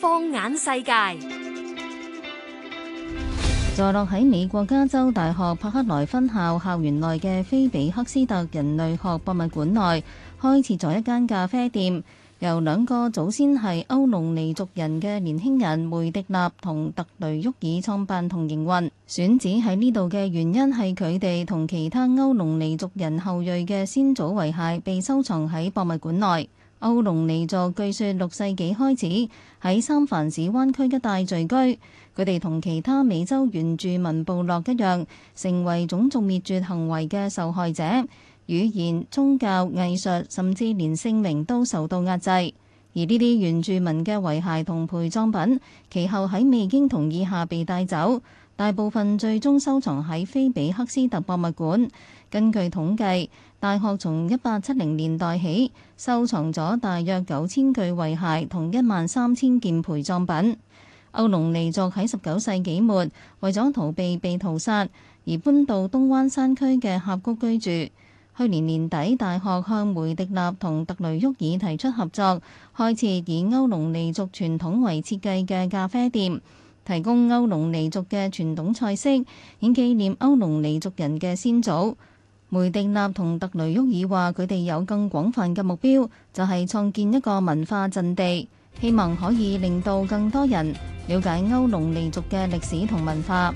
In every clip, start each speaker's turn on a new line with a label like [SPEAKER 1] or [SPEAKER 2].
[SPEAKER 1] 放眼世界，坐落喺美國加州大學柏克萊分校校園內嘅菲比克斯特人類學博物館內，開設咗一間咖啡店。由兩個祖先係歐隆尼族人嘅年輕人梅迪納同特雷沃爾創辦同營運，選址喺呢度嘅原因係佢哋同其他歐隆尼族人後裔嘅先祖遺骸被收藏喺博物館內。歐隆尼族據說六世紀開始喺三藩市灣區一帶聚居，佢哋同其他美洲原住民部落一樣，成為種族滅絕行為嘅受害者。語言、宗教、藝術，甚至連姓名都受到壓制。而呢啲原住民嘅遺骸同陪葬品，其後喺未經同意下被帶走，大部分最終收藏喺菲比克斯特博物館。根據統計，大學從一八七零年代起收藏咗大約九千具遺骸同一萬三千件陪葬品。歐隆尼族喺十九世紀末為咗逃避被屠殺，而搬到東灣山區嘅峽谷居住。去年年底，大學向梅迪納同特雷沃爾提出合作，開設以歐隆尼族傳統為設計嘅咖啡店，提供歐隆尼族嘅傳統菜式，以紀念歐隆尼族人嘅先祖。梅迪納同特雷沃爾話佢哋有更廣泛嘅目標，就係創建一個文化陣地，希望可以令到更多人了解歐隆尼族嘅歷史同文化。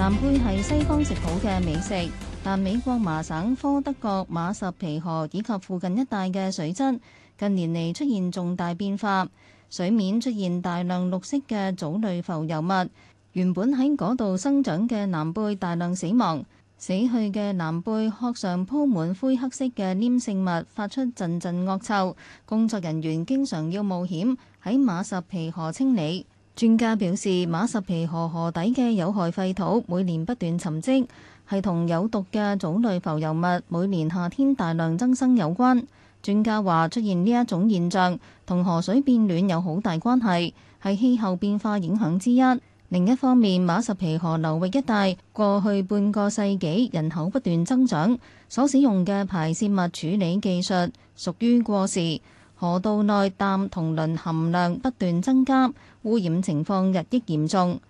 [SPEAKER 1] 南藍貝係西方食譜嘅美食，但美國麻省科德角馬什皮河以及附近一帶嘅水質近年嚟，出現重大變化，水面出現大量綠色嘅藻類浮游物，原本喺嗰度生長嘅藍貝大量死亡，死去嘅藍貝殼上鋪滿灰黑色嘅黏性物，發出陣陣惡臭，工作人員經常要冒險喺馬什皮河清理。專家表示，馬什皮河河底嘅有害廢土每年不斷沉積，係同有毒嘅藻類浮游物每年夏天大量增生有關。專家話出現呢一種現象，同河水變暖有好大關係，係氣候變化影響之一。另一方面，馬什皮河流域一帶過去半個世紀人口不斷增長，所使用嘅排泄物處理技術屬於過時。河道內氮同磷含量不斷增加，污染情況日益嚴重。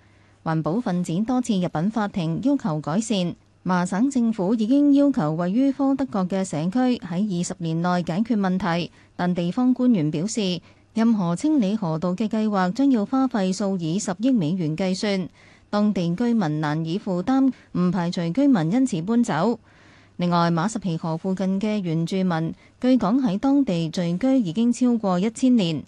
[SPEAKER 1] 環保分子多次入禀法庭要求改善。麻省政府已經要求位於科德角嘅社區喺二十年內解決問題，但地方官員表示，任何清理河道嘅計劃將要花費數以十億美元計算，當地居民難以負擔，唔排除居民因此搬走。另外，馬什皮河附近嘅原住民據講喺當地聚居已經超過一千年。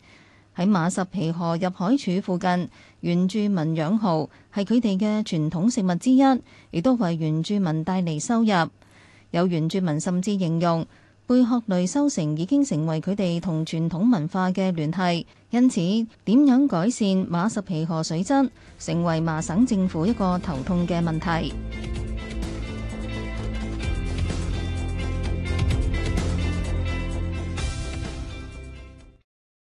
[SPEAKER 1] 喺馬什皮河入海處附近，原住民養蠔係佢哋嘅傳統食物之一，亦都為原住民帶嚟收入。有原住民甚至形容貝殼類收成已經成為佢哋同傳統文化嘅聯繫。因此，點樣改善馬什皮河水質，成為麻省政府一個頭痛嘅問題。